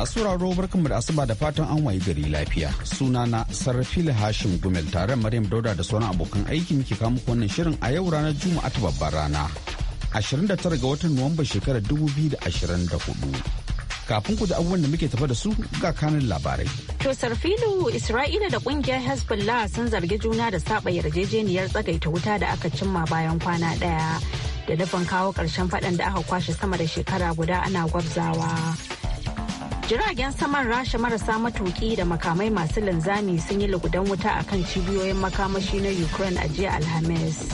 Masu raro barkanmu da asuba da fatan an wayi gari lafiya. suna na Sarrafil Hashim Gumel tare Maryam Dauda da sauran abokan aiki muke kawo muku wannan shirin a yau ranar Juma'a ta babbar rana. 29 ga watan Nuwamba shekarar 2024. kafin ku da abubuwan da muke tafa da su ga kanin labarai. To Sarfilu Isra'ila da kungiyar Hezbollah sun zargi juna da saba yarjejeniyar tsagaita wuta da aka cimma bayan kwana daya da nufin kawo karshen faɗan da aka kwashe sama da shekara guda ana gwabzawa. Jiragen saman rasha marasa matuki da makamai masu linzami sun yi lugudan wuta a kan cibiyoyin makamashi na Ukraine a jiya Alhamis.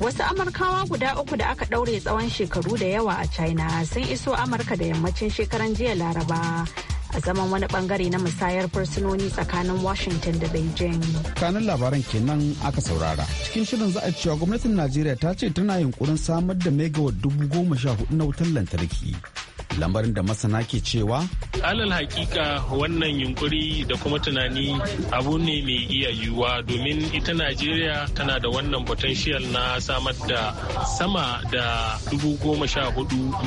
Wasu Amurkawa guda uku da aka daure tsawon shekaru da yawa a China sun iso Amurka da yammacin shekaran jiya Laraba. a zaman wani bangare na musayar fursunoni tsakanin Washington da Beijing. Kanin labaran kenan aka saurara. Cikin shirin za a cewa gwamnatin Najeriya ta ce tana yunkurin samar da megawatt dubu goma sha hudu na wutan lantarki Lambarin da masana ke cewa? Alal hakika wannan yunkuri da kuma tunani abu ne mai iya yiwuwa domin ita Najeriya tana da wannan potential na samar da sama da dubu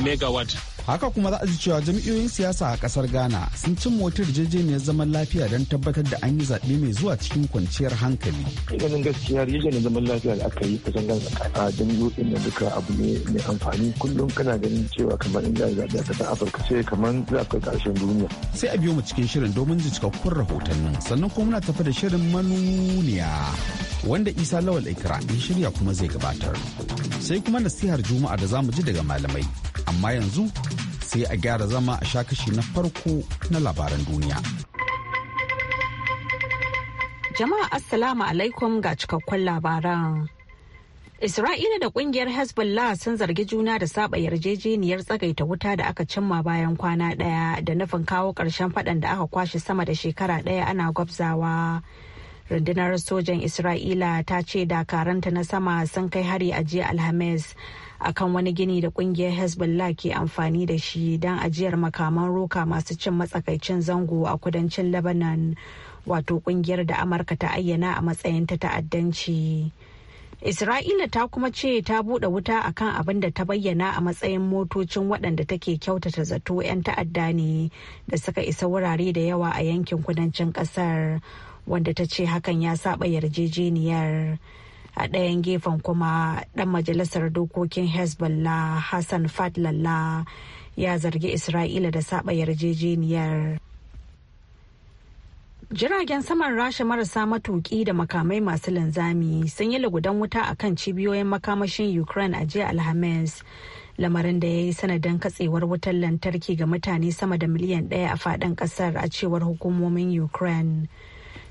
megawatt haka kuma za a ji cewa jam'iyyoyin siyasa a kasar ghana sun cin motar jejeniyar zaman lafiya don tabbatar da an yi zaɓe mai zuwa cikin kwanciyar hankali ganin gaskiya jejeniyar zaman lafiya da aka yi kusan gan a jam'iyyoyin da duka abu ne mai amfani kullum kana ganin cewa kamar in ya zaɓe a ƙasar afirka sai kamar za a kai ƙarshen duniya sai a biyo mu cikin shirin domin ji cikakkun rahotannin sannan kuma muna tafi da shirin manuniya wanda isa lawal ikra ya shirya kuma zai gabatar sai kuma nasihar juma'a da za mu ji daga malamai amma yanzu sai a gyara zama a shakashi na farko na labaran duniya. Jama'a Assalamu alaikum ga cikakkun labaran. Isra'ila da kungiyar Hezbollah sun zargi juna da saba yarjejeniyar tsagaita wuta da aka cimma bayan kwana ɗaya da nufin kawo ƙarshen faɗan da aka kwashe sama da shekara ɗaya ana gwabzawa. Rundunar sojan Isra'ila ta ce dakaranta na sama sun kai hari a jiya Alhamis akan wani gini da kungiyar hezbollah ke amfani da shi don ajiyar makaman roka masu cin matsakaicin zango a kudancin lebanon wato kungiyar da amurka ta ayyana a matsayin ta ta'addanci isra'ila ta kuma ce ta buɗe wuta akan abin da ta bayyana a matsayin motocin waɗanda take kyautata zato 'yan ta'adda ne da suka isa wurare da yawa a yankin kudancin ƙasar wanda ta ce hakan ya saba yarjejeniyar a ɗayan gefen kuma ɗan majalisar dokokin hezbollah hassan fadlala ya zargi isra'ila da saba yarjejeniyar jiragen saman rasha marasa matuki da makamai masu linzami sun yi lugudan wuta a kan cibiyoyin makamashin ukraine a jiya alhamis lamarin da ya yi sanadin katsewar wutar lantarki ga mutane sama da miliyan ɗaya a faɗin ƙasar a cewar hukumomin ukraine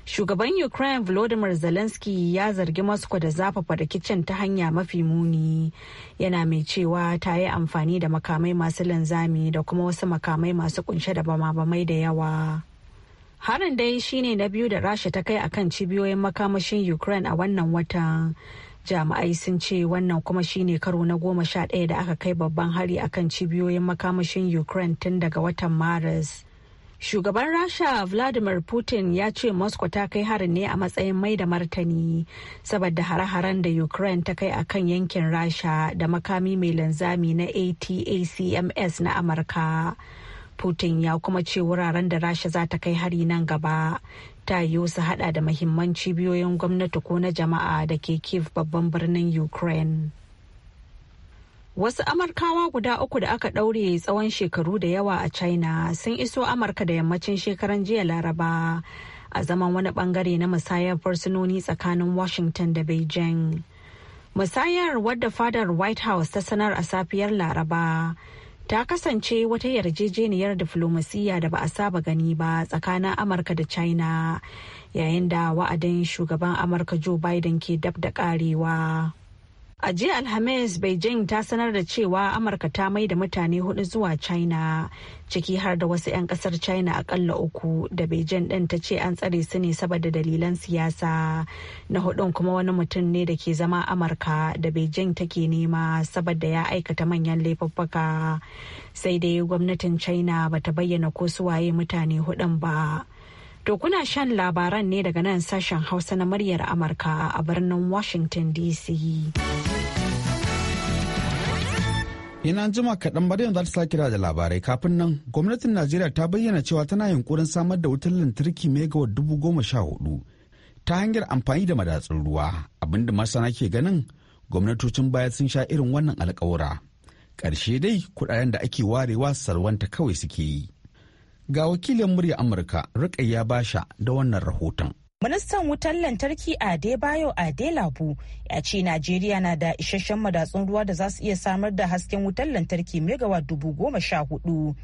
Shugaban Ukraine Volodymyr Zelensky ya zargi Moscow da zafafa rikicin ta hanya mafi muni. Yana mai cewa ta yi amfani da makamai masu linzami da kuma wasu makamai masu kunshe da bama-bamai da yawa. Harin dai shine na biyu da Rasha ta kai akan cibiyoyin makamashin Ukraine a wannan watan. jami'ai sun ce wannan kuma shine karo na goma sha ɗaya da aka kai babban hari akan cibiyoyin makamashin ukraine tun daga watan maris Shugaban Rasha Vladimir Putin ya ce Moscow ta kai harin ne a matsayin mai da martani saboda hare-haren da Ukraine ta kai a kan yankin Rasha da makami mai linzami na ATACMS na Amurka. Putin ya kuma ce wuraren da Rasha za ta kai hari nan gaba ta yiwu su hada da mahimman cibiyoyin gwamnati ko na jama'a da ke Kiev babban birnin Ukraine. Wasu Amurkawa guda uku da aka ɗaure tsawon shekaru da yawa a China sun iso Amurka da yammacin shekaran jiya Laraba a zaman wani bangare na musayar fursunoni tsakanin Washington da Beijing. Musayar wadda fadar White House ta sanar a safiyar Laraba ta kasance wata yarjejeniyar diflomasiyya da ba a saba gani ba tsakanin Amurka da China yayin da wa'adin shugaban Amurka Joe Biden ke dab da karewa. A jiya Alhamis Beijing ta sanar da cewa Amurka ta mai da mutane hudu zuwa China ciki har da wasu 'yan kasar China akalla uku da Beijing ɗin ta ce an tsare su ne saboda dalilan siyasa. Na hudun kuma wani mutum ne da ke zama Amurka da Beijing take nema saboda ya aikata manyan laifuffuka. Sai dai gwamnatin China bata bayyana ko suwaye mutane hudun ba. To kuna shan labaran ne daga nan sashen Hausa na muryar Amurka a birnin Washington DC. Ina jima kaɗan Maryam zata ta kira da labarai kafin nan gwamnatin Najeriya ta bayyana cewa tana yunkurin samar da wutar lantarki megawatt dubu goma sha hudu ta hanyar amfani da madatsun ruwa abinda masana ke ganin gwamnatocin baya sun sha irin wannan alkawura. Ƙarshe dai kuɗaɗen da ake warewa sarwanta kawai suke yi. Ga wakilin murya Amurka Rukayya Basha da wannan rahoton. Ministan wutar lantarki Adebayo Adelabu ya ce Najeriya na da isasshen madatsun ruwa da za su iya samar da hasken wutar lantarki megawatt dubu goma sha hudu.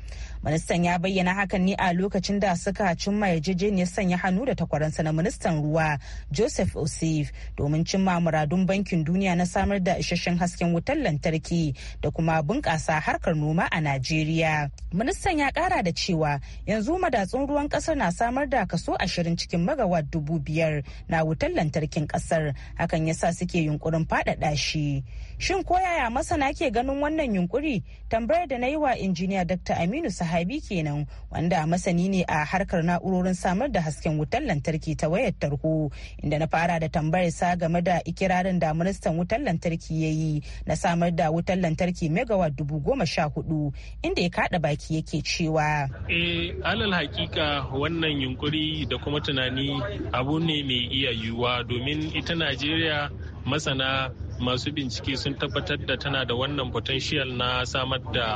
Ministan ya bayyana hakan ne a lokacin da suka cimma yarjejeniyar sanya hannu da takwaransa na ministan ruwa Joseph Osif domin cimma muradun bankin duniya na samar da isasshen hasken wutar lantarki da kuma bunƙasa harkar noma a Najeriya. Ministan ya kara da cewa yanzu madatsun ruwan ƙasar na samar da kaso ashirin cikin megawatt dubu dubu biyar na wutar lantarkin kasar hakan yasa suke yunkurin faɗaɗa shi Shin ko yaya masana ke ganin wannan yunkuri? Tambayar da na yi wa injiniya Dr. Aminu Sahabi kenan wanda masani ne a harkar na'urorin samar da hasken wutar lantarki ta wayar tarho inda na fara da tambayar sa game da ikirarin da ministan wutar lantarki ya yi na samar da wutar lantarki megawatt dubu goma sha hudu inda ya kada baki yake cewa. Eh, alal hakika wannan yunkuri da kuma tunani abu ne mai iya yiwuwa domin ita Najeriya masana masu bincike sun tabbatar da tana da wannan potential na samar da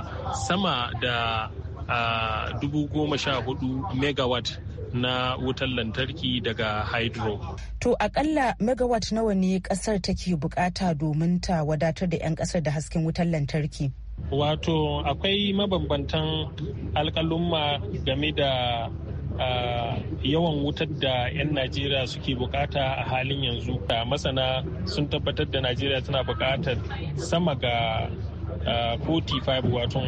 sama da dubu goma sha hudu megawatt na wutar lantarki daga hydro. To akalla megawatt nawa ne kasar take bukata domin ta wadatar da 'yan kasar da hasken wutar lantarki? Wato akwai mabambantan alkalumma game da yawan wutar da 'yan najeriya suke bukata a halin yanzu masana sun tabbatar da najeriya tana bukatar sama ga 45 wato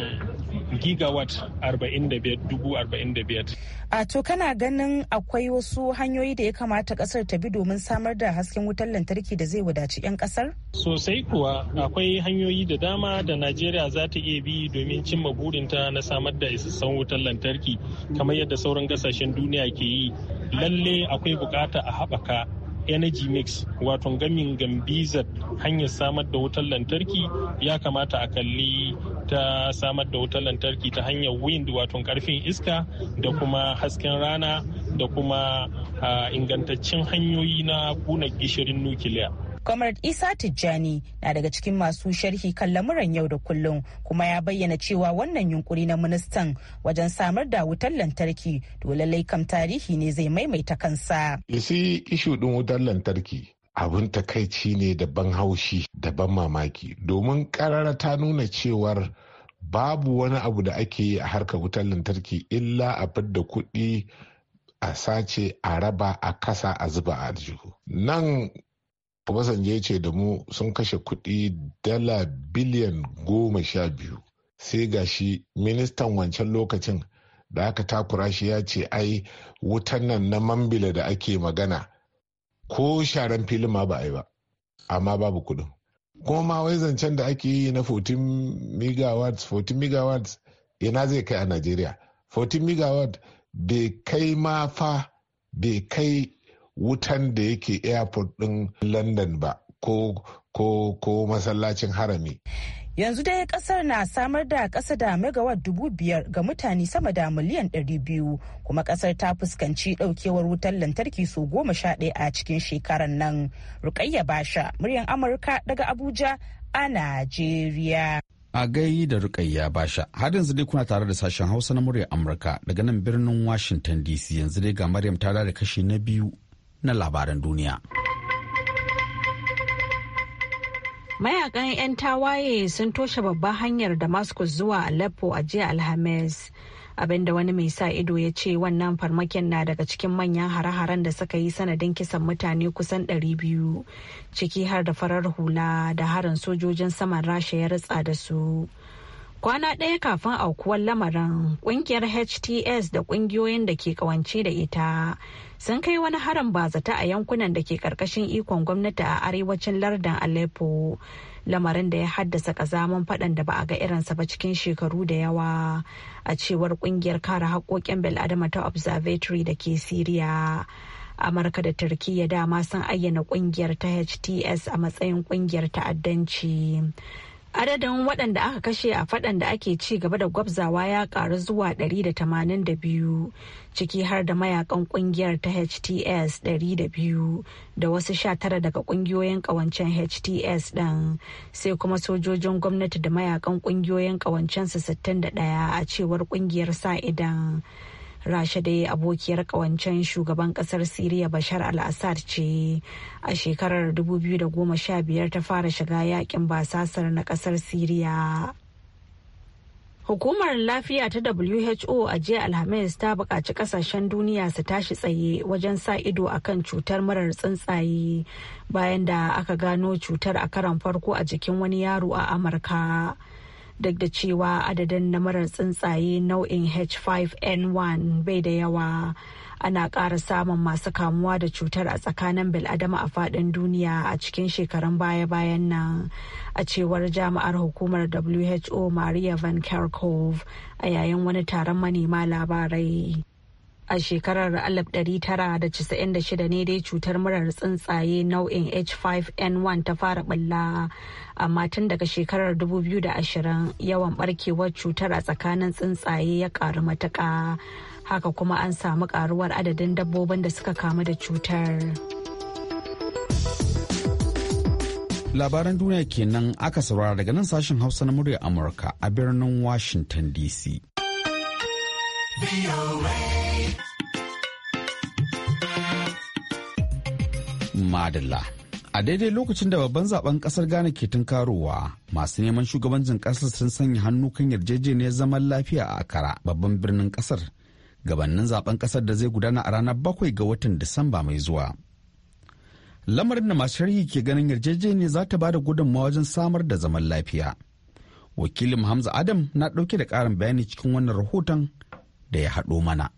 gigawatt 45,045. A to kana ganin akwai wasu hanyoyi da ya kamata kasar ta bi domin samar da hasken wutar lantarki da zai wadaci 'yan kasar? Sosai kuwa akwai hanyoyi da dama da Najeriya za ta iya bi domin cimma burinta na samar da isassan wutar lantarki kamar yadda sauran gasashen duniya ke yi. Lalle akwai bukata a haɓaka energy mix wato gamin gambizar hanyar samar da wutar lantarki ya kamata a kalli ta samar da wutar lantarki ta hanyar wind wato karfin iska da kuma hasken rana da kuma ah, ingantaccen hanyoyi na kuna gishirin nukiliya Comrade Isa Tijjani na daga cikin masu sharhi kan lamuran yau da kullum kuma ya bayyana cewa wannan yunkuri na ministan wajen samar da wutar lantarki dole laikam tarihi ne zai maimaita kansa. Isi ishu ɗin wutar lantarki abin takaici ne da ban haushi da ban mamaki domin karara ta nuna cewar babu wani abu da ake yi a harkar wutar lantarki illa a fidda kuɗi a sace a raba a kasa a zuba a aljihu nan Obasanjo ya ce da mu sun kashe kuɗi dala biliyan goma sha biyu. Sai ga shi ministan wancan lokacin da aka takura shi ya ce ai wutan nan na mambila da ake magana ko sharan filin ma ba a yi ba, amma babu kuɗin. Kuma ma wai zancen da ake yi na 14 megawatts, 14 megawatts ina zai kai a Najeriya. 14 megawatt bai kai ma fa bai kai wutan da yake airport ɗin london ba ko masallacin harami yanzu dai kasar na samar da kasa da megawatt dubu biyar ga mutane sama da miliyan ɗari biyu kuma kasar ta fuskanci ɗaukewar wutar lantarki so goma sha ɗaya a cikin shekarar nan rukayya basha muryan amurka daga abuja a najeriya a gai da rukayya basha har yanzu dai kuna tare da sashen hausa na muryar amurka daga nan birnin washington dc yanzu dai ga maryam ta da kashi na biyu na labaran duniya. Mayakan 'yan tawaye sun toshe babban hanyar Damascus zuwa Aleppo a jiya Alhamis. abinda wani mai sa ido ya ce wannan farmakin na daga cikin manyan hare-haren da suka yi sanadin kisan mutane kusan 200 ciki har da farar hula da harin sojojin saman rasha ya ritsa da su kwana ɗaya kafin aukuwar lamarin kungiyar hts da ƙungiyoyin da ke kawance da ita sun kai wani harin bazata a yankunan da ke ƙarƙashin ikon gwamnati a arewacin lardin aleppo lamarin da ya haddasa ƙazaman faɗan da ba a ga irinsa ba cikin shekaru da yawa a cewar ƙungiyar kare haƙoƙin bil'adama ta observatory da ke siriya amurka da turkiyya dama sun ayyana ƙungiyar ta hts a matsayin ƙungiyar ta'addanci adadin waɗanda aka kashe a faɗan da ake ci gaba da gwabzawa ya ƙaru zuwa 182 ciki har da mayakan ƙungiyar ta hts 200 da wasu 19 daga ƙungiyoyin ƙawancen hts ɗin sai kuma sojojin gwamnati da mayakan ƙungiyoyin su 61 a cewar ƙungiyar sa idan rasha dai abokiyar kawancen shugaban kasar siriya bashar al-assad ce a shekarar 2015 ta fara shiga yakin basasar na kasar siriya Hukumar lafiya ta WHO a jiya Alhamis ta buƙaci ƙasashen duniya su tashi tsaye wajen sa ido a kan cutar marar tsuntsaye bayan da aka gano cutar a karan farko a jikin wani yaro a Amurka. duk da cewa adadin na marar tsuntsaye nau'in h5n1 bai da yawa ana ƙara samun masu kamuwa da cutar a tsakanin bil'adama a faɗin duniya a cikin shekarun baya-bayan nan a cewar jami'ar hukumar who maria van kerkhove a yayin wani taron manema labarai a shekarar 1996 ne dai cutar murar tsuntsaye nau'in h5n1 ta fara balla amma tun daga shekarar 2020 yawan barkewar cutar a tsakanin tsuntsaye ya karu matuka haka kuma an samu karuwar adadin dabbobin da suka kamu da cutar labaran duniya kenan aka saurara daga nan sashen hausa na murya amurka a birnin washington dc Madalla. A daidai lokacin da babban zaben kasar Ghana ke tunkarowa, masu neman shugabancin kasar sun sanya hannu kan yarjejeniyar zaman lafiya a Akara, babban birnin kasar, gabanin zaben kasar da zai gudana a ranar bakwai ga watan Disamba mai zuwa. Lamarin da masu sharhi ke ganin yarjejeniyar za ta bada gudunmawa wajen samar da zaman lafiya. Wakilin Hamza Adam na ɗauke da ƙarin bayani cikin wannan rahoton da ya haɗo mana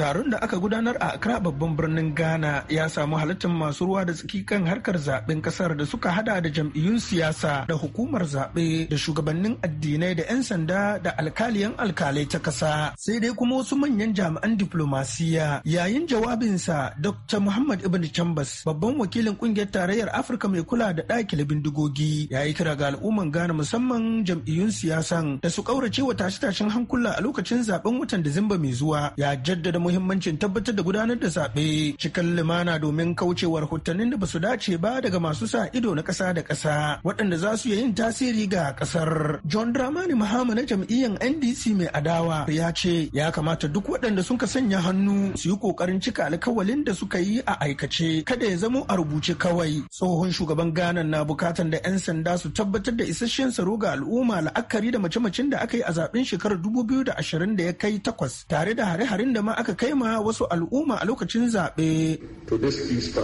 taron da aka gudanar a Accra babban birnin Ghana ya samu halittar masu ruwa da tsaki kan harkar zaben kasar da suka hada da jam'iyyun siyasa da hukumar zaɓe da shugabannin addinai da 'yan sanda da alkaliyan alkalai ta ƙasa. Sai dai kuma wasu manyan jami'an diplomasiya yayin jawabinsa Dr. Muhammad Ibn Chambers babban wakilin kungiyar tarayyar Afirka mai kula da da bindigogi ya yi kira ga al'umman Ghana musamman jam'iyyun siyasan da su ƙaurace wa tashe-tashen hankula a lokacin zaben watan Disamba mai zuwa ya jaddada muhimmancin tabbatar da gudanar da zaɓe cikin limana domin kaucewar hotannin da basu dace ba daga masu sa ido na ƙasa da ƙasa waɗanda za su yin tasiri ga ƙasar. John Dramani Mahama na jam'iyyar NDC mai adawa ya ce ya kamata duk waɗanda sun ka sanya hannu su yi ƙoƙarin cika alkawalin da suka yi a aikace kada ya zamo a rubuce kawai. Tsohon shugaban Ghana na bukatan da 'yan sanda su tabbatar da isasshen tsaro ga al'umma la'akari da mace-macen da aka yi a zaɓen shekarar dubu 2020 da ya kai takwas tare da hare-haren da ma aka kai ma wasu al'umma a lokacin zaɓe. To this peace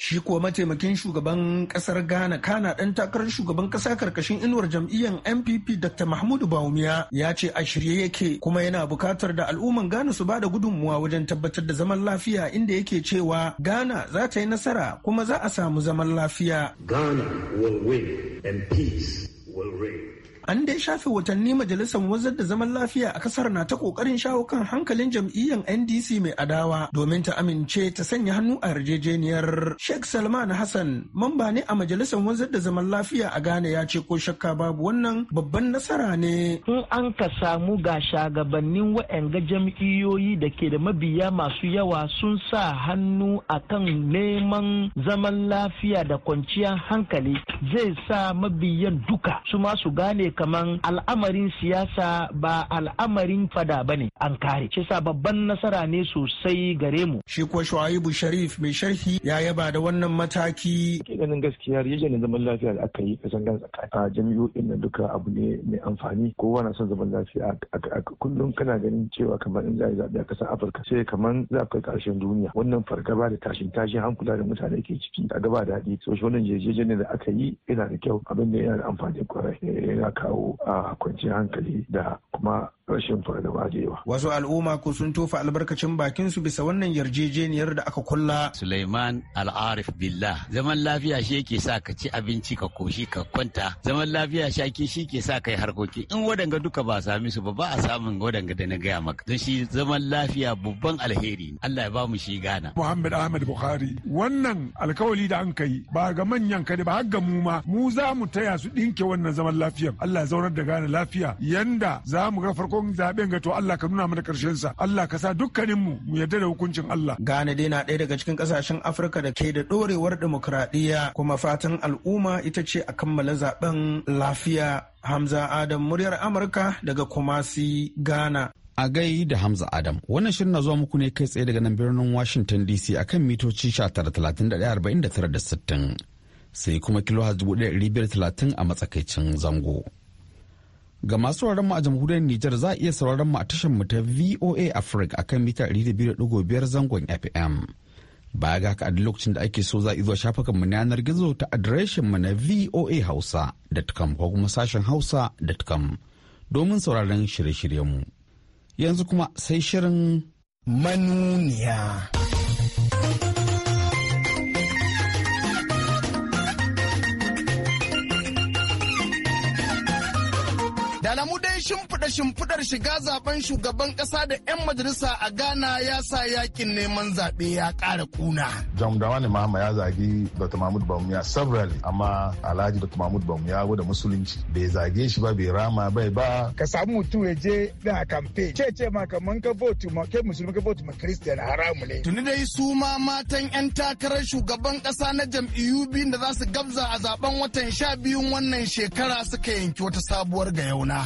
Shi kuwa mataimakin shugaban kasar Ghana kana ɗan takarar shugaban ƙasa karkashin inuwar jam'iyyar NPP Dr. Mahmudu Baumiya ya ce a shirye yake kuma yana bukatar da al'umman Ghana su bada gudunmuwa wajen tabbatar da zaman lafiya inda yake cewa Ghana za ta yi nasara kuma za a samu zaman lafiya. Ghana will win and peace will reign. an dai shafe watanni majalisar wazar da zaman lafiya a kasar na ta kokarin shawo kan hankalin jam'iyyar ndc mai adawa domin ta amince ta sanya hannu a yarjejeniyar sheikh salman hassan mamba ne a majalisar wazar da zaman lafiya a ghana ya ce ko shakka babu wannan babban nasara ne in an ka samu ga shagabannin wa'anga jam'iyyoyi da ke da mabiya masu yawa sun sa hannu a kan neman zaman lafiya da kwanciyar hankali zai sa mabiyan duka su ma su gane kaman al'amarin siyasa ba al'amarin fada ba ne an kare shi sa babban nasara ne sosai gare mu shi kuwa shu'aibu sharif mai sharhi ya yaba da wannan mataki ganin gaskiya yajin zaman lafiya da aka yi kasan gan a jami'o'in na duka abu ne mai amfani kowa na son zaman lafiya A kullum kana ganin cewa kamar in za a zaɓe a ƙasar afirka sai kamar za a kai ƙarshen duniya wannan fargaba da tashin tashin hankula da mutane ke ciki a gaba daɗi so shi wannan jejejen da aka yi yana da kyau abin da yana da amfani kwarai eh, kawo a kwanciyar hankali da kuma rashin jewa. Wasu al'umma ko sun tofa albarkacin bakin su bisa wannan yarjejeniyar da aka kulla. Suleiman Al'arif Billah zaman lafiya shi yake sa ka ci abinci ka koshi ka kwanta zaman lafiya shaki shi ke sa kai harkoki in wadanga duka ba sami su ba ba a samun wadanga da na gaya maka don shi zaman lafiya babban alheri Allah ya ba mu shi gana. Muhammad Ahmad Bukhari wannan alkawali da an kai ba ga manyan kadi ba har ga mu ma mu za mu taya su ɗinke wannan zaman lafiyar Allah ya zaunar da gane lafiya yanda za mu ga farko kun zaben ga to Allah ka nuna mana karshen sa Allah ka sa dukkanin mu mu yarda da hukuncin Allah Ghana dai na ɗaya daga cikin kasashen Afirka da ke da dorewar demokradiyya kuma fatan al'umma ita ce a kammala zaben lafiya Hamza Adam muryar Amurka daga Kumasi Ghana a gai da Hamza Adam. Wannan shirin na zuwa muku ne kai tsaye daga nan birnin Washington DC akan mitoci 19,39,49,60 sai kuma kilo 1,530 a matsakaicin zango. Ga masu sauraron mu a jamhuriyar Nijar za a iya sauraron mu a tashar mu ta VOA Africa akan mita 200.5 zangon FM. Baya ga ka duk lokacin da ake so za a zuwa shafukan mu na yanar gizo ta adireshin mu na voahausa.com ko kuma sashen hausa.com domin sauraron shirye-shiryen mu. Yanzu kuma sai shirin manuniya. Da alamu dai shimfiɗa shimfiɗar shiga zaben shugaban ƙasa da 'yan majalisa a Ghana ya sa yakin neman zaɓe ya ƙara kuna. Jamdawa ne Mahama ya zagi Dr. Mahmud Bawumia several amma Alhaji Dr. Mahmud ya gwada musulunci bai zage shi ba bai rama bai ba. Ka samu mutum ya je da kamfe ce ce ma kamar ka vote ma ke musulmi ka vote ma Christian haramu ne. Tuni dai su ma matan 'yan takarar shugaban ƙasa na jam'iyyu biyu da za su gabza a zaben watan sha biyun wannan shekara suka yanki wata sabuwar ga yau gona.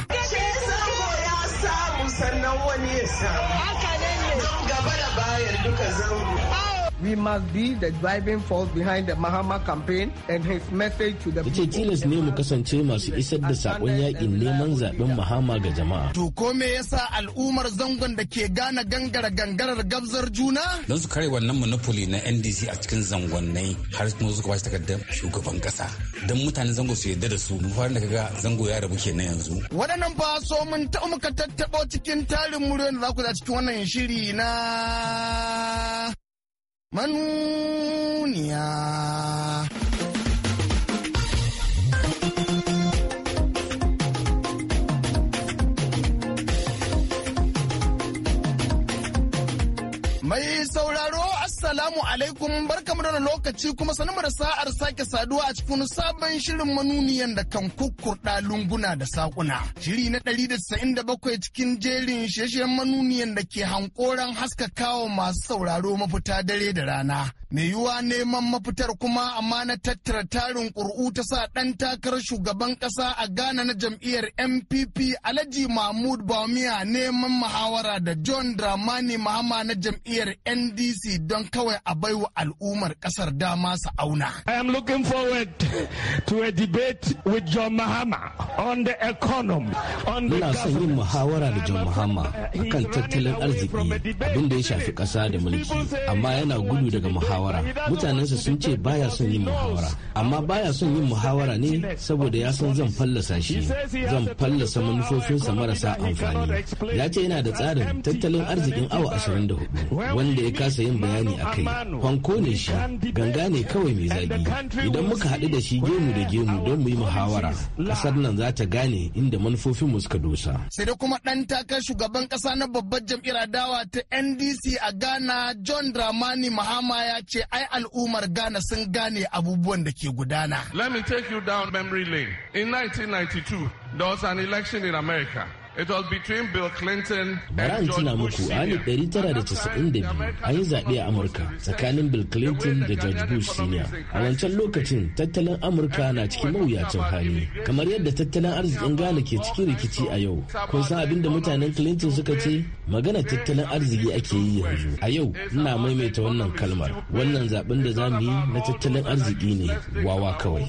sannan wani ya samu. Haka ne. Gaba da bayan duka zango. We must be the driving force behind the Mahama campaign and his message to the people. tilas ne mu kasance masu isar da sakon yakin neman zaben Mahama ga jama'a. To ko me yasa al'ummar zangon da ke gane gangara gangarar gabzar juna? Don su kare wannan monopoly na NDC a cikin zangonnai har kuma su kwashi takardar shugaban kasa. Don mutanen zango su yarda da su mu fara da zango ya rabu na yanzu. Waɗannan ba so mun ta muka tattabo cikin tarin muryar da za ku za cikin wannan shiri na manuniya. Mai sauraro assalamu alaikum barkamu da lokaci kuma sanin da sa'ar sake saduwa a cikin sabon shirin manuniyan da kan kukkurda lunguna da sakuna. Shiri na 197 cikin jerin shirye manuniyan da ke hankoran haskakawa masu sauraro mafita dare da rana. Mai yiwuwa neman mafitar kuma amma na tattara tarin ƙur'u ta sa ɗan takarar shugaban ƙasa a Ghana na jam'iyyar MPP Alhaji Mahmud Bawumia neman muhawara da John Dramani Mahama na jam'iyyar N ndc don kawai a baiwa al'ummar ƙasar dama su auna i am looking forward to a debate with john mahama on the economy on the son yin muhawara da john mahama akan tattalin arziki abin da ya shafi kasa da mulki amma yana gudu daga muhawara mutanensa sun ce baya son yin muhawara amma baya son yin muhawara ne saboda ya san zan fallasa shi zan fallasa manufofinsa marasa amfani ya ce yana da tsarin tattalin arzikin awa 24 wanda ya kasa yin bayani a kai kwanko ne shi ganga ne kawai mai zagi idan muka haɗu da shi gemu da gemu don mu yi muhawara ƙasar nan za ta gane inda manufofin mu suka dosa sai da kuma ɗan takar shugaban ƙasa na babbar jam'iyyar adawa ta ndc a ghana john dramani mahama ya ce ai al'ummar ghana sun gane abubuwan da ke gudana let me take you down memory lane in 1992 there was an election in america It was tuna muku a alif ɗari tara da casa'in da biyu an yi zaɓe a Amurka tsakanin Bill Clinton da George Bush Senior. A wancan lokacin tattalin Amurka na cikin mawuyacin hali kamar yadda tattalin arzikin Ghana ke cikin rikici a yau. Kun san abin da mutanen Clinton suka ce magana tattalin arziki ake yi yanzu. A yau ina maimaita wannan kalmar wannan zaɓen da za mu yi na tattalin arziki ne wawa kawai.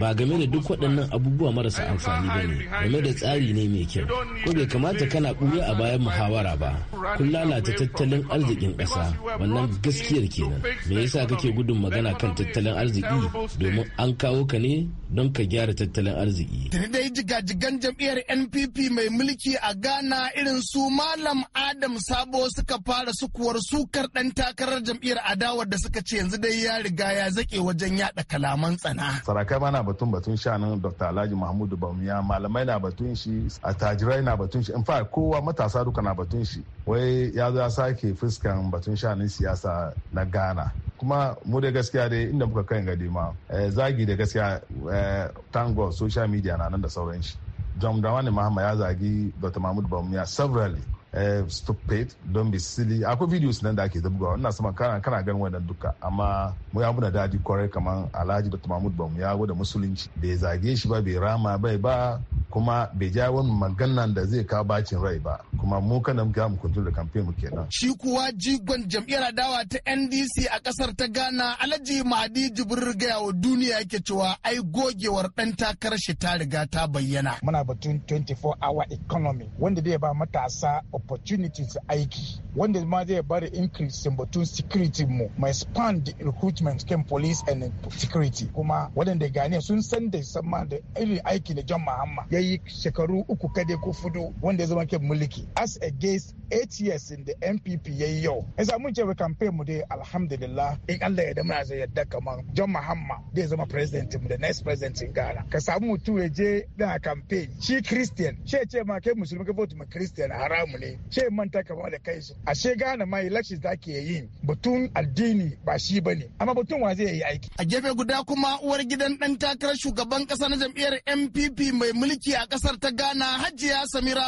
Ba game da duk waɗannan abubuwa marasa amfani ba ne game da tsari ne mai kyau. ko bai kamata kana ɓuya a bayan muhawara ba kun lalata tattalin arzikin ƙasa wannan gaskiyar kenan me yasa kake gudun magana kan tattalin arziki domin an kawo ka ne don ka gyara tattalin arziki tare dai jigajigan jam'iyyar npp mai mulki a ghana irin su malam adam sabo suka fara sukuwar sukar dan takarar jam'iyyar adawar da suka ce yanzu dai ya riga ya zake wajen yada kalaman tsana sarakai ma na batun batun shanin dr alhaji mahmudu bamiya malamai na batun shi a tajirai turai na batun shi in fa kowa matasa duka na batun shi wai ya zo ya sake fuskan batun shanin siyasa na ghana kuma mu da gaskiya dai inda muka kai gadi ma eh, zagi da gaskiya eh, tango social media na nan da sauran shi john dawani mahama ya zagi dr mahmud ya severally eh, stupid don be silly akwai videos nan da ake zabgawa wannan sama kana kana gan wannan duka amma mu ya muna dadi kwarai kamar alhaji dr mahmud bamu ya da musulunci bai zage shi ba bai rama bai ba kuma bai ja wani magana da zai kawo bacin rai ba kuma mu kana mu mu kuntu da kamfen mu kenan shi kuwa jigon jam'iyyar adawa ta NDC a kasar ta Ghana Alhaji Mahdi Jibril gaya duniya yake cewa ai gogewar dan takarar shi ta riga ta bayyana muna batun 24 hour economy wanda zai ba matasa opportunities aiki wanda ma zai bari increase in batun security mu my mai the recruitment kan police and security kuma wadanda gane sun san da sama da irin aiki da John Mahama yi shekaru uku kade ko fudu wanda ya zama ke mulki as against eight years in the npp ya yi yau Ya mun ce wa campaign mu dai alhamdulillah in allah ya da muna zai yadda kamar john mahama da ya zama president mu da next president in ghana ka samu mutum ya je da campaign shi christian ce ce ma kai musulmi ka vote ma christian haramu ne ce manta kamar da kai su ashe ghana ma elections da ake yi batun addini ba shi ba ne amma batun wa zai yi aiki a gefe guda kuma uwar gidan dan takarar shugaban kasa na jam'iyyar npp mai mulki a kasar ta Ghana Hajiya Samira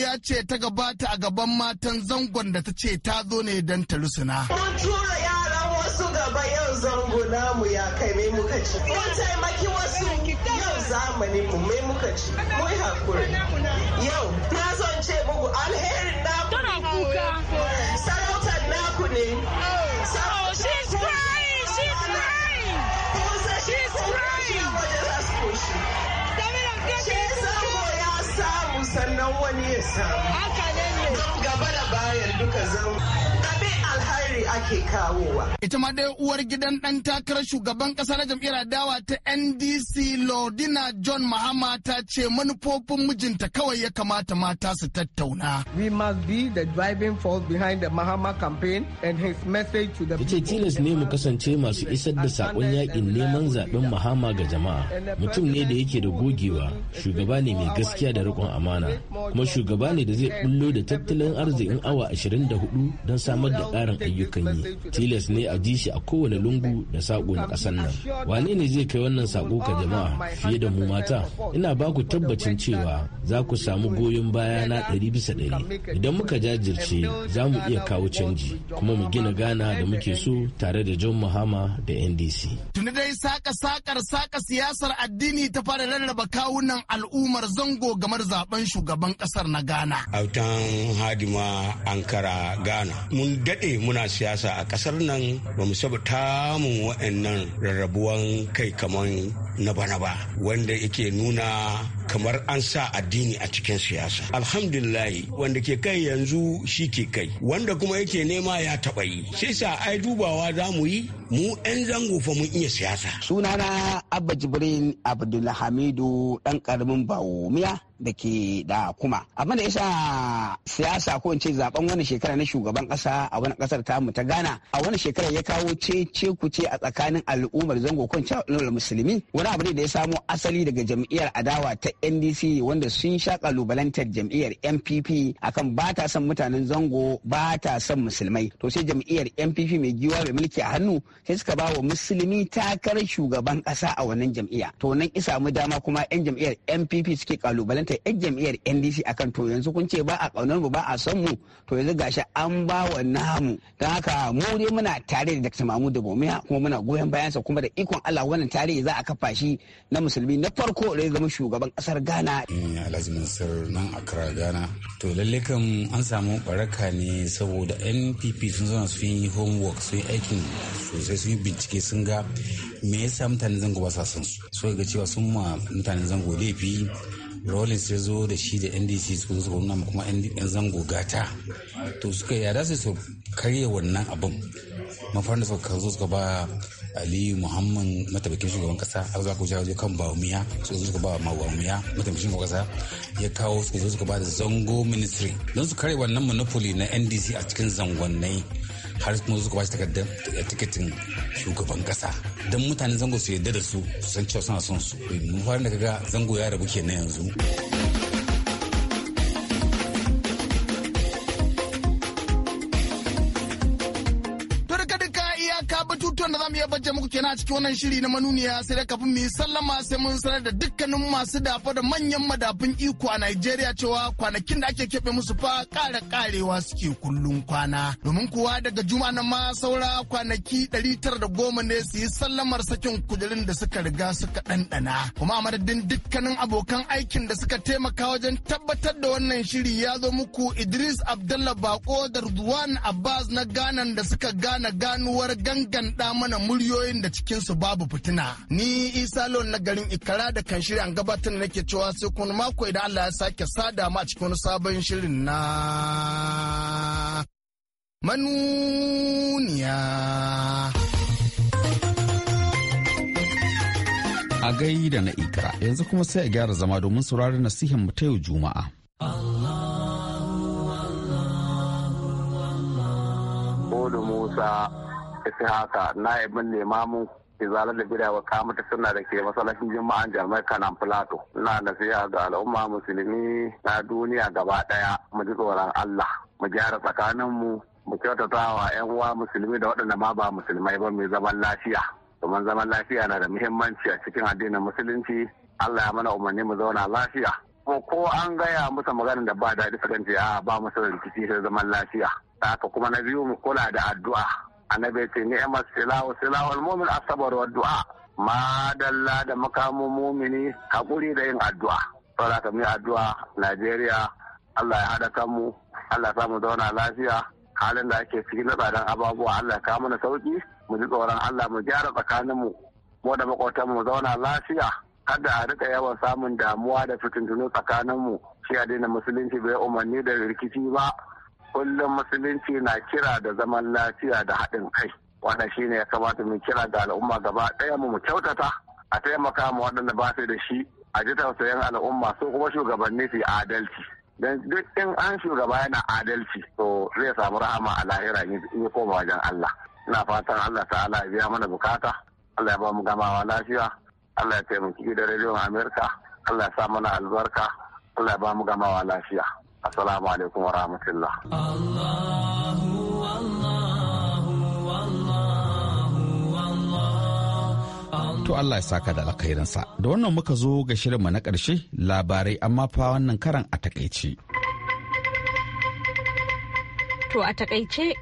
ya ce ta gabata a gaban matan zangon da ta ce ta zo ne don ta lusuna. Mun tura yaran wasu gaba yau zango namu ya kai mai muka ci. Mun taimaki wasu yau zamani mu mai muka ci. Mun hakuri. Yau na zon ce muku alherin naku. Tana kuka. Sarautar naku ne. Oh, she's crying, she's crying. sannan wani ya samu. Haka ne. Gaba da bayan duka zama. alhairi ake kawowa. Ita ma dai uwar gidan ɗan takarar shugaban ƙasa na jam'iyyar adawa ta NDC Lordina John Mahama ta ce manufofin mijinta kawai ya kamata mata su tattauna. We must be the driving force behind the Mahama campaign and his message to the people. Ita tilas ne mu kasance masu isar da sakon yakin neman zaben Mahama ga jama'a. Mutum ne da yake da gogewa, shugaba ne mai gaskiya da riƙon amana, kuma shugaba ne da zai bullo da tattalin arzikin awa 24 don samar da tsarin ayyukan yi tilas ne a ji shi a kowane lungu da sako na ƙasar nan wane ne zai kai wannan sako ka jama'a fiye da mu mata ina ba ku tabbacin cewa za ku samu goyon baya na ɗari bisa ɗari idan muka jajirce za mu iya kawo canji kuma mu gina gana da muke so tare da john mahama da ndc tuni dai saka sakar saka siyasar addini ta fara rarraba kawunan al'ummar zango gamar zaben shugaban kasar na ghana autan hadima ankara ghana mun daɗe muna siyasa a kasar nan ba mu saba tamu wa'annan rarrabuwan kai kamar na bana ba wanda yake nuna kamar an sa addini a cikin siyasa alhamdulillahi wanda ke kai yanzu shi ke kai wanda kuma yake nema ya taɓa yi sai sa ai dubawa za mu yi mu 'yan zango fa mun iya siyasa sunana abba jibrin abdulhamidu dan karamin bawo miya da ke da kuma abin da isa siyasa ko in ce zaben wani shekara na shugaban kasa a wani kasar tamu ta gana a wani shekara ya kawo ce ce ku ce a tsakanin al'ummar zango ko ce musulmi wani abu ne da ya samo asali daga jam'iyyar adawa ta ndc wanda sun sha kalubalantar jam'iyyar npp akan ba ta son mutanen zango ba ta son musulmai to sai jam'iyyar npp mai giwa mai mulki a hannu sai suka ba wa musulmi takarar shugaban kasa a wannan jam'iyya to nan isa mu dama kuma yan jam'iyyar npp suke kalubalantar yan jam'iyyar ndc akan to yanzu kun ce ba a kaunar mu ba a son mu to yanzu gashi an ba wa namu don haka mu dai muna tare da dr mahmud gomiya kuma muna goyon bayansa kuma da ikon allah wannan tarihi za a kafa shi na musulmi na farko da ya zama shugaban kasar ghana ni lazimin sir nan accra ghana to lalle kan an samu baraka ne saboda npp sun zauna su yi homework su yi aikin sosai sun yi bincike sun ga me yasa mutanen zango ba sa san su so ga cewa sun ma mutanen zango laifi rollins ya zo da shi da ndc su zo nuna kuma yan zango gata to suka yada su karya wannan abin mafarin da suka zo suka ba aliyu muhammad mataimakin shugaban kasa har zuwa a wajen kan bawumiya su suka ba ma bawumiya mataimakin shugaban kasa ya kawo su suka ba da zango ministry don su kare wannan monopoly na ndc a cikin zangonnai har kuma suka ba shi takardar eh, tiketin shugaban kasa don mutanen zango su yarda da su su san cewa suna son su Mun fara daga zango ya rabu kenan yanzu. batutuwan da zamu iya bajje muku kenan a cikin wannan shiri na manuniya sai da kafin mu yi sallama sai mun sanar da dukkanin masu dafa da manyan madafin iko a Najeriya cewa kwanakin da ake keɓe musu fa ƙara ƙarewa suke kullum kwana. Domin kuwa daga juma na ma saura kwanaki ɗari tara da goma ne su yi sallamar sakin kujerin da suka riga suka ɗanɗana. Kuma a madadin dukkanin abokan aikin da suka taimaka wajen tabbatar da wannan shiri ya zo muku Idris Abdallah Bako da ruwan Abbas na Ghana da suka gane ganuwar gangan mana muryoyin da cikinsu babu fitina. Ni Isa Lon na garin Ikara da kan shirya gabatar nake cewa sai kun mako idan Allah ya sake sada ma cikin sabon shirin na manuniya. A gai da na Ikara yanzu kuma sai a gyara zama domin saurari nasihin mu ta yau Juma'a. Allah Allah. ita haka na na'ibin limamin izalar da bidawa kamata suna da ke masalacin jima'an jami'ar kanan plato na nasiha ga al'umma musulmi na duniya gaba daya mu ji tsoron allah mu gyara tsakaninmu mu kyautata wa 'yan uwa musulmi da waɗanda ma ba musulmai ba mai zaman lafiya domin zaman lafiya na da muhimmanci a cikin addinin musulunci allah ya mana umarni mu zauna lafiya ko an gaya musa maganin da ba daɗi su kan a ba musu rikici sai zaman lafiya haka kuma na biyu mu kula da addu'a annabi ya ce ni'mat silahu silahul mu'min asabar wa du'a ma dalla da makamin mumini hakuri da yin addu'a saboda ka mu addu'a Najeriya Allah ya hada kanmu Allah ya samu zauna lafiya halin da ake ciki na tsadan ababuwa Allah ya kawo mana sauki mu ji tsoron Allah mu gyara tsakaninmu mu da makwatan mu zauna lafiya kada a rika yawan samun damuwa da fitintunu tsakaninmu shi daina musulunci bai umarni da rikici ba kullum musulunci na kira da zaman lafiya da haɗin kai wannan shi ne ya kamata mu kira ga al'umma gaba ɗaya mu kyautata a taimaka mu waɗanda ba su da shi a ji tausayin al'umma su kuma shugabanni su adalci dan duk in an shugaba yana adalci to zai samu rahama a lahira in koma wajen Allah ina fatan Allah ta'ala ya biya mana bukata Allah ya ba mu gamawa lafiya Allah ya taimaki da rediyon Amerika Allah ya sa mana albarka Allah ya ba mu gamawa lafiya Assalamu alaikum wa rahmatullah. To Allah ya saka da alkhairinsa. Da wannan muka zo ga shirinmu na ƙarshe labarai amma fa wannan karan a takaice. To a takaice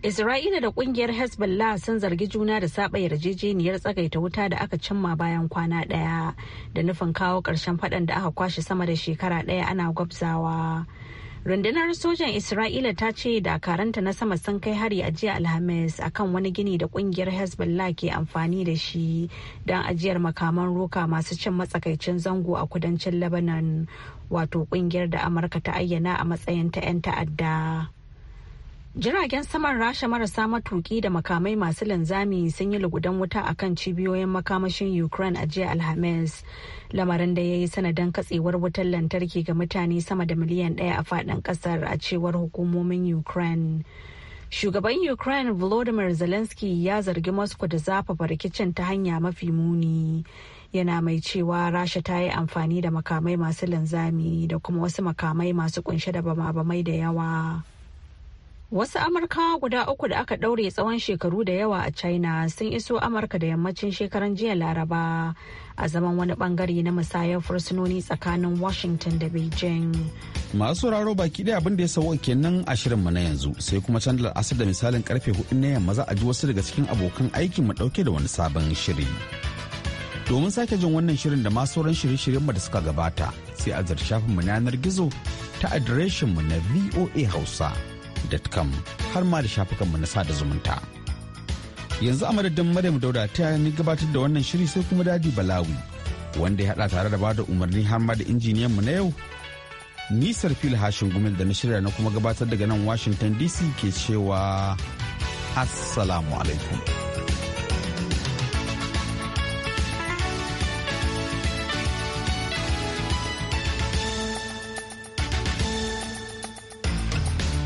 Isra'ila da kungiyar Hezbollah sun zargi juna da saba yarjejeniyar tsagaita wuta da aka cimma bayan kwana ɗaya da nufin kawo ƙarshen faɗan da aka kwashe sama da shekara ɗaya ana gwabzawa. Rundunar sojan Isra'ila ta ce dakaranta na sama sun kai hari a jiya Alhamis akan wani gini da kungiyar Hezbollah ke amfani da shi don ajiyar makaman roka masu cin matsakaicin zango a kudancin Lebanon wato kungiyar da Amurka ta ayyana a matsayin ta 'yan ta'adda. Jiragen saman Rasha marasa matuki da makamai masu linzami sun yi lugudan wuta a kan cibiyoyin makamashin Ukraine a jiya Alhamis, lamarin da ya yi sanadin katsewar wutar lantarki ga mutane sama da miliyan ɗaya a faɗin ƙasar a cewar hukumomin Ukraine. Shugaban Ukraine Volodymyr Zelensky ya zargi Moscow da zafafa rikicin ta hanya mafi muni. yana mai cewa rasha ta yi amfani da makamai masu linzami da kuma wasu makamai masu kunshe da bama da yawa. Wasu Amurkawa guda uku da aka ɗaure tsawon shekaru da yawa a China sun iso Amurka da yammacin shekaran jiya Laraba a zaman wani bangare na musayar fursunoni tsakanin Washington da Beijing. Masu raro baki ɗaya abin da ya sauwa kenan a shirinmu na yanzu sai kuma can da da misalin karfe hudu na yamma za a ji wasu daga cikin abokan aikin mu ɗauke da wani sabon shiri. Domin sake jin wannan shirin da masu sauran shirye-shiryenmu da suka gabata sai a shafin mu na yanar gizo ta adireshin mu na voa hausa. facebook.com har ma da shafukanmu na sada zumunta. Yanzu a madadin Maryam Dauda ta ni gabatar da wannan shiri sai kuma Dadi Balawi wanda ya haɗa tare da bada umarni har ma da injiniyan mu na yau. Nisar fil hashin gumel da na shirya na kuma gabatar daga nan Washington DC ke cewa Assalamu alaikum.